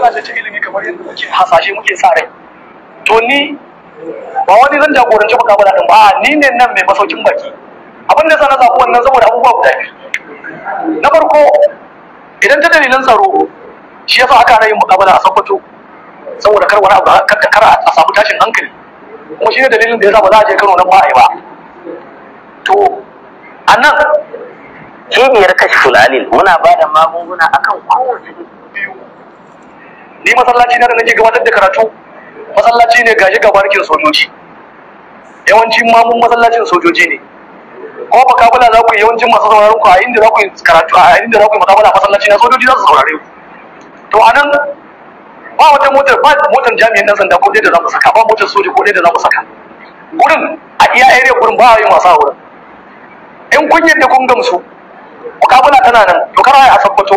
ana zancen ilimi kamar yadda muke hasashe muke sa rai to ni ba wani zan jagoranci baka ba daɗin ba ni ne nan mai masaukin baki abin da sana zaɓi wannan saboda abubuwa guda biyu na farko idan ta dalilin tsaro shi yasa aka rayin mukabala a sabbato saboda kar wani abu kar a samu tashin hankali kuma shi ne dalilin da yasa ba za a je Kano nan ba a yi ba to a nan cibiyar kashful alil muna ba da magunguna akan kowace ni masallaci na da nake gabatar da karatu masallaci ne gashi ga barkin sojoji yawancin mamun masallacin sojoji ne ko makabala za ku yi yawancin masu sauraron ku a inda za ku yi karatu a inda za ku yi mutabala masallaci na sojoji za su saurare ku to anan ba wata motar ba motar jami'in nan sanda ko dai da za mu saka ba motar soja ko dai da za mu saka gurin a iya area gurin ba a yi wasa wurin in kun yadda kun gamsu makabala tana nan to kar a yi a sabbato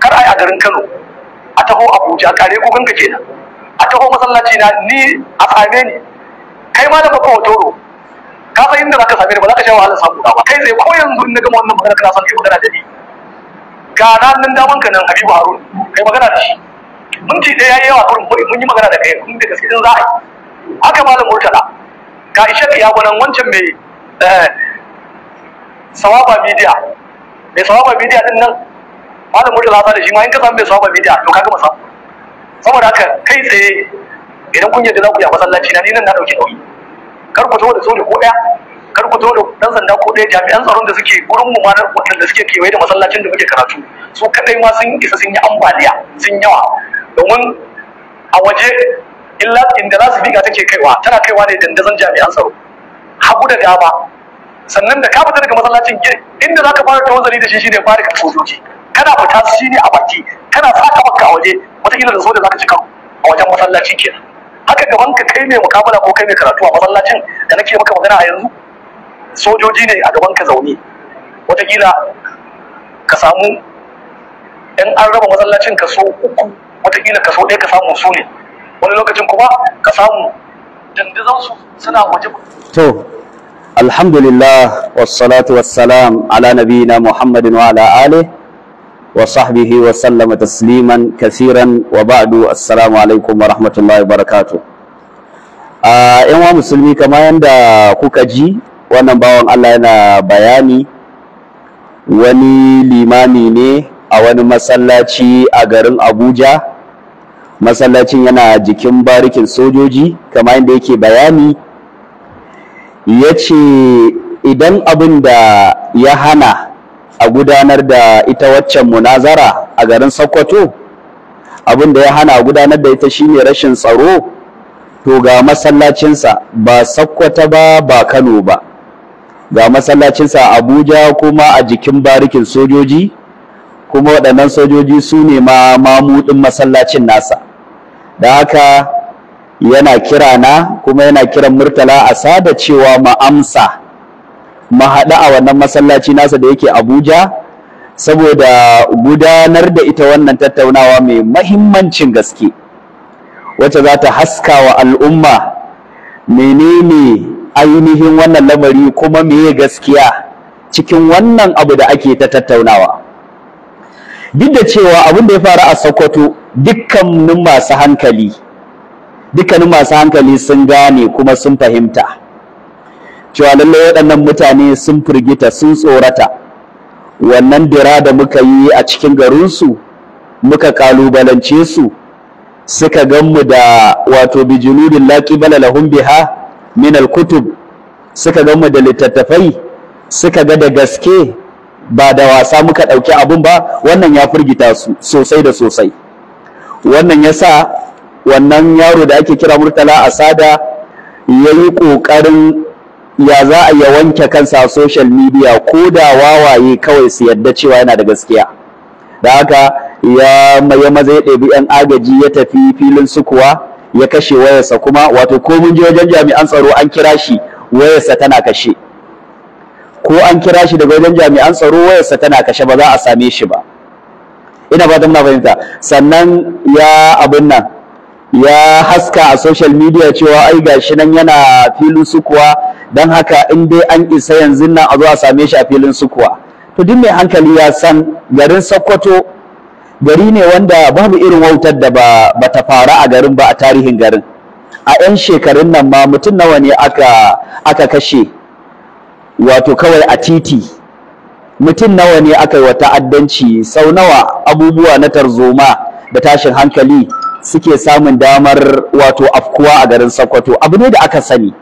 kar a yi a garin Kano a taho abuja kare kukan ka kenan a taho masallaci na ni a same ni kai ma da baka toro ka san inda ka same ni ba za ka sha wahalar samu ba kai sai ko yanzu in na gama wannan magana kana son kai magana da ni ga nan daman ka nan Habibu Harun kai magana da shi ci ɗaya yayi yawa kurin bari mun yi magana da kai Kun da gaske din za a yi haka malam Murtala ga ka ya gwanan wancan mai eh sawaba media mai sawaba media din nan malam murtala sa da shi ma in ka samu mai saba bid'a to ka gama samu saboda haka kai tsaye idan kun yadda za ku yi a masallaci na ni nan na dauke dauki kar ku taho da soja ko daya kar ku taho da dan sanda ko daya jami'an tsaron da suke gurin mu ma da suke kewaye da masallacin da muke karatu su kadai ma sun isa sun yi ambaliya sun yawa domin a waje illa inda za su ga take kaiwa tana kaiwa ne dandazon jami'an tsaro hagu da dama sannan da ka fita daga masallacin inda za ka fara tawazari da shi shine fara ka sojoji kana fita shi ne a baki kana sa kafarka a waje wataƙila da so da zaka ci a wajen masallaci kenan haka gaban ka kai ne mukabala ko kai ne karatu a masallacin da nake maka magana a yanzu sojoji ne a gaban ka zaune wataƙila ka samu in an raba masallacin ka so uku wataƙila so ɗaya ka samu su ne wani lokacin kuma ka samu su suna waje to alhamdulillah wassalatu wassalam ala nabiyina muhammadin wa ala alihi وصحبه وسلم تسليما كثيرا وبعد السلام عليكم ورحمة الله وبركاته yan musulmi kamar yadda kuka ji wannan bawan Allah yana bayani wani limami ne a wani masallaci a garin Abuja masallacin yana jikin barikin sojoji kamar yadda yake bayani ya ce idan abin da ya hana a gudanar da ita waccan munazara a garin Sokoto abin da ya hana gudanar da ita shine rashin tsaro to ga masallacinsa ba Sokoto ba ba Kano ba ga masallacinsa Abuja kuma a jikin barikin sojoji kuma waɗannan sojoji su ne ma mamudin masallacin nasa da haka yana kirana kuma yana kiran murtala a sada cewa ma'amsa amsa mu a wannan masallaci nasa da yake Abuja saboda gudanar da ita wannan tattaunawa mai mahimmancin gaske wacce za ta haska wa al'umma menene ainihin wannan lamari kuma meye gaskiya cikin wannan abu da ake ta tattaunawa duk da cewa abin da ya faru a Sokoto dukkanin masu hankali dukkanin masu hankali sun gane kuma sun fahimta cewa lallai waɗannan mutane sun firgita sun tsorata wannan dira da muka yi a cikin garinsu muka ƙalubalance su suka ganmu da wato bijinudin laƙibala lahun biha min alkutub suka ganmu da littattafai suka ga da gaske ba da wasa muka ɗauki abun ba wannan ya firgita su sosai da sosai wannan ya sa wannan yaro da ake kira murtala asada ya yi ƙoƙarin ya za a yi wanke kansa a social media ko da wawaye kawai su yadda cewa yana da gaskiya da haka ya maye maza ya ɗebi yan agaji ya tafi filin sukuwa ya kashe wayarsa kuma wato ko mun je wajen jami'an tsaro an kira shi wayarsa tana kashe ko an kira shi daga wajen jami'an tsaro wayarsa tana kashe ba za a same shi ba ina fatan muna fahimta sannan ya abin nan ya haska a social media cewa ai gashi nan yana filin sukuwa don haka in dai an isa yanzu nan a zo a same shi a filin sukuwa to duk mai hankali ya san garin sokoto gari ne wanda babu irin wautar da ba ta faru a garin ba a tarihin garin a 'yan shekarun nan ma mutum nawa ne aka aka kashe wato kawai a titi mutum nawa ne aka yi wa ta'addanci sau nawa abubuwa na tarzoma da tashin hankali suke samun damar wato afkuwa a garin Sokoto abu ne da aka sani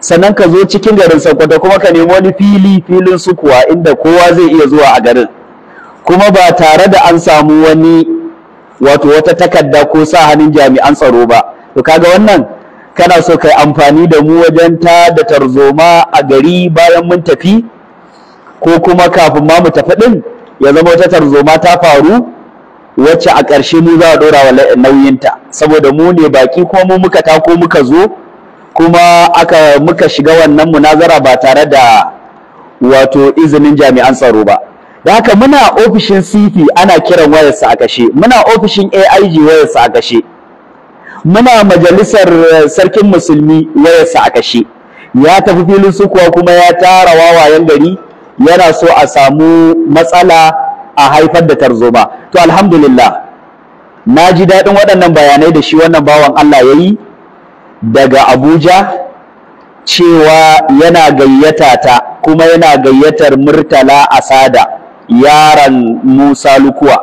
sannan ka zo cikin garin Sokoto kuma ka nemi wani fili filin sukuwa inda kowa zai iya zuwa a garin kuma ba tare da an samu wani wato wata takarda ko sa hannun jami'an tsaro ba to kaga wannan kana so kai amfani da mu wajen ta da tarzoma a gari bayan mun tafi ko kuma kafin ma mu tafi din ya zama wata tarzoma ta faru wacce a ƙarshe mu za a ɗora wa nauyinta saboda mu ne baki ko mu muka tako muka zo kuma aka muka shiga wannan munazara ba tare da wato izinin jami'an tsaro ba da haka muna ofishin CP ana kiran wayarsa a kashe muna ofishin AIG wayarsa a kashe muna majalisar sarkin musulmi wayarsa a kashe ya tafi filin sukuwa kuma ya tara wawayen gari yana so a samu matsala a haifar da tarzoma to alhamdulillah na ji daɗin waɗannan bayanai da shi wannan bawan Allah ya yi daga Abuja cewa yana gayyata ta kuma yana gayyatar Murtala Asada yaran Musa Lukuwa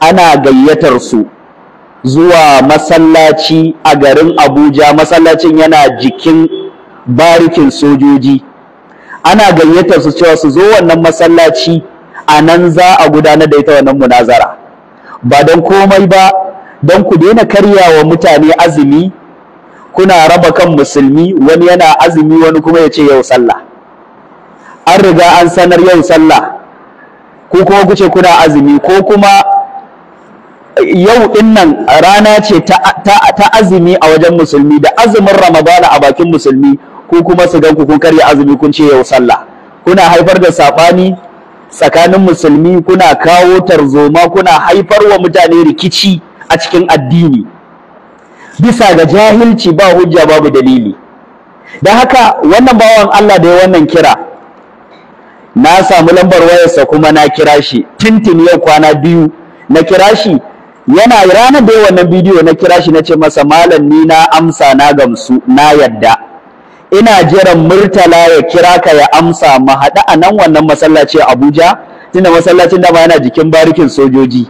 ana gayyatar su zuwa masallaci a garin Abuja masallacin yana jikin barikin sojoji ana gayyatar su cewa su zo wannan masallaci a nan za a gudanar da ita wannan munazara ba don komai ba don ku daina karya wa mutane azumi kuna raba kan musulmi wani yana azumi wani kuma ya ce yau sallah an riga an sanar yau sallah ko kuma kuce kuna azumi ko kuma yau nan rana ce ta, azumi a wajen musulmi da azumin ramadana a bakin musulmi ko kuma su ganku kun karya azumi kun ce yau sallah kuna haifar da saɓani tsakanin musulmi kuna kawo tarzoma kuna haifar wa mutane rikici a cikin addini bisa ga jahilci ba hujja babu dalili da haka wannan bawan Allah da ya wannan kira na samu lambar wayarsa kuma na kira shi tintin yau kwana biyu na kira shi yana ranar da ya wannan bidiyo na kira shi na ce masa malam ni na amsa na gamsu na yadda ina jiran murtala ya kira ka ya amsa mu haɗu a nan wannan masallaci a Abuja tunda masallacin dama yana jikin barikin sojoji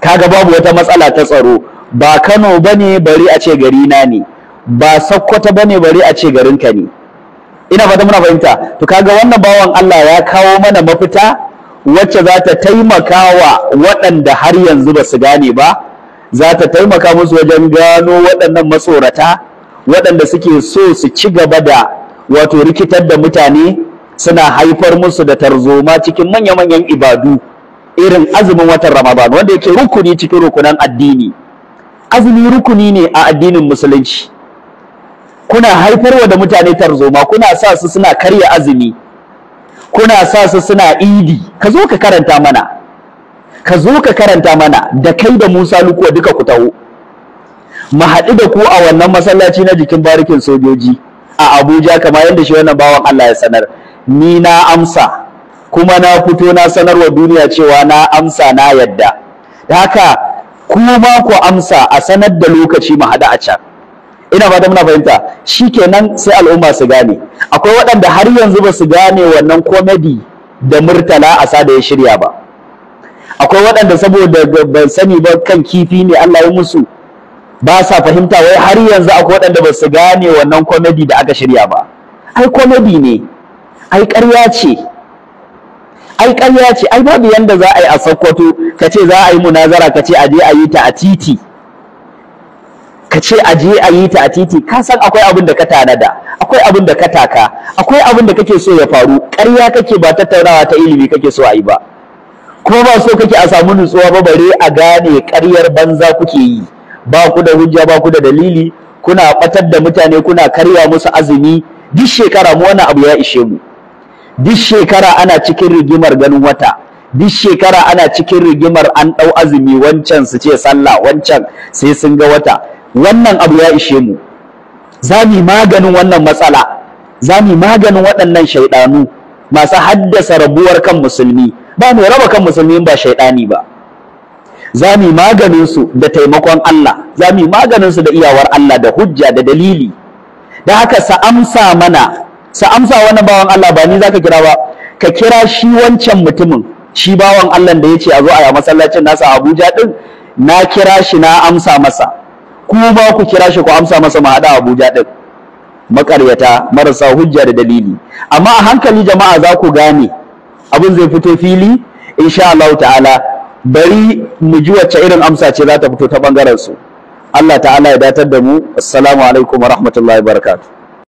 kaga babu wata matsala ta tsaro ba Kano bane bari a ce gari na ne ba Sokoto bane bari a ce garin ka ne ina fata muna fahimta to kaga wannan bawan Allah ya kawo mana mafita wacce za ta taimaka wa waɗanda har yanzu ba su gane ba za ta taimaka musu wajen gano waɗannan matsorata waɗanda suke so su ci gaba da wato rikitar da mutane suna haifar musu da tarzoma cikin manya-manyan ibadu irin azumin watan Ramadan wanda yake rukuni cikin rukunan addini azumi rukuni ne a addinin musulunci kuna haifarwa da mutane tarzoma kuna sa su suna karya azumi kuna sa su suna idi ka zo ka karanta mana ka zo ka karanta mana da kai da Musa Lukuwa duka ku taho mu haɗu da ku a wannan masallaci na jikin barikin sojoji a Abuja kamar yadda shi wannan bawan Allah ya sanar ni na amsa kuma na fito na sanarwa duniya cewa na amsa na yadda da haka kuma ku amsa a sanar da lokaci mu haɗu a can ina fata muna fahimta shikenan sai al'umma su gane akwai waɗanda har yanzu ba su gane wannan komedi da murtala a sada ya shirya ba akwai waɗanda saboda ban sani ba kan kifi ne Allah ya musu ba sa fahimta wai har yanzu akwai waɗanda ba su gane wannan komedi da aka shirya ba ai komedi ne ai ƙarya ce ai ƙarya ce ai babu yanda za a yi a sakkwato ka ce za a yi munazara ka ce a je a yi ta a titi ka ce a je a yi ta a titi ka san akwai abin da ka tanada akwai abin da ka taka akwai abin da kake so ya faru ƙarya kake ba tattaunawa ta ilimi kake so a yi ba kuma ba so kake a samu nutsuwa ba bare a gane ƙaryar banza kuke yi ba ku da hujja ba ku da dalili kuna batar da mutane kuna karya musu azumi duk shekara mu wannan abu ya ishe mu duk shekara ana cikin rigimar ganin wata duk shekara ana cikin rigimar an ɗau azumi wancan su ce sallah wancan sai sun ga wata wannan abu ya ishe mu za mu maganin wannan matsala za mu maganin waɗannan shaidanu masu haddasa rabuwar kan musulmi ba mu raba kan musulmi ba shaidani ba za mu maganin su da taimakon Allah za mu maganin su da iyawar Allah da hujja da dalili da haka sa amsa mana sa amsa wannan bawan Allah ba ni zaka kira ba ka kira shi wancan mutumin shi bawan Allah da ya ce a zo a masallacin nasa Abuja ɗin, na kira shi na amsa masa ku ba ku kira shi ku amsa masa mu hada Abuja din makaryata marasa hujja da dalili amma a hankali jama'a za ku gane abin zai fito fili insha Allah ta'ala bari mu ji wacce irin amsa ce za ta fito ta bangaren su Allah ta'ala ya datar da mu assalamu alaikum wa rahmatullahi wa barakatuh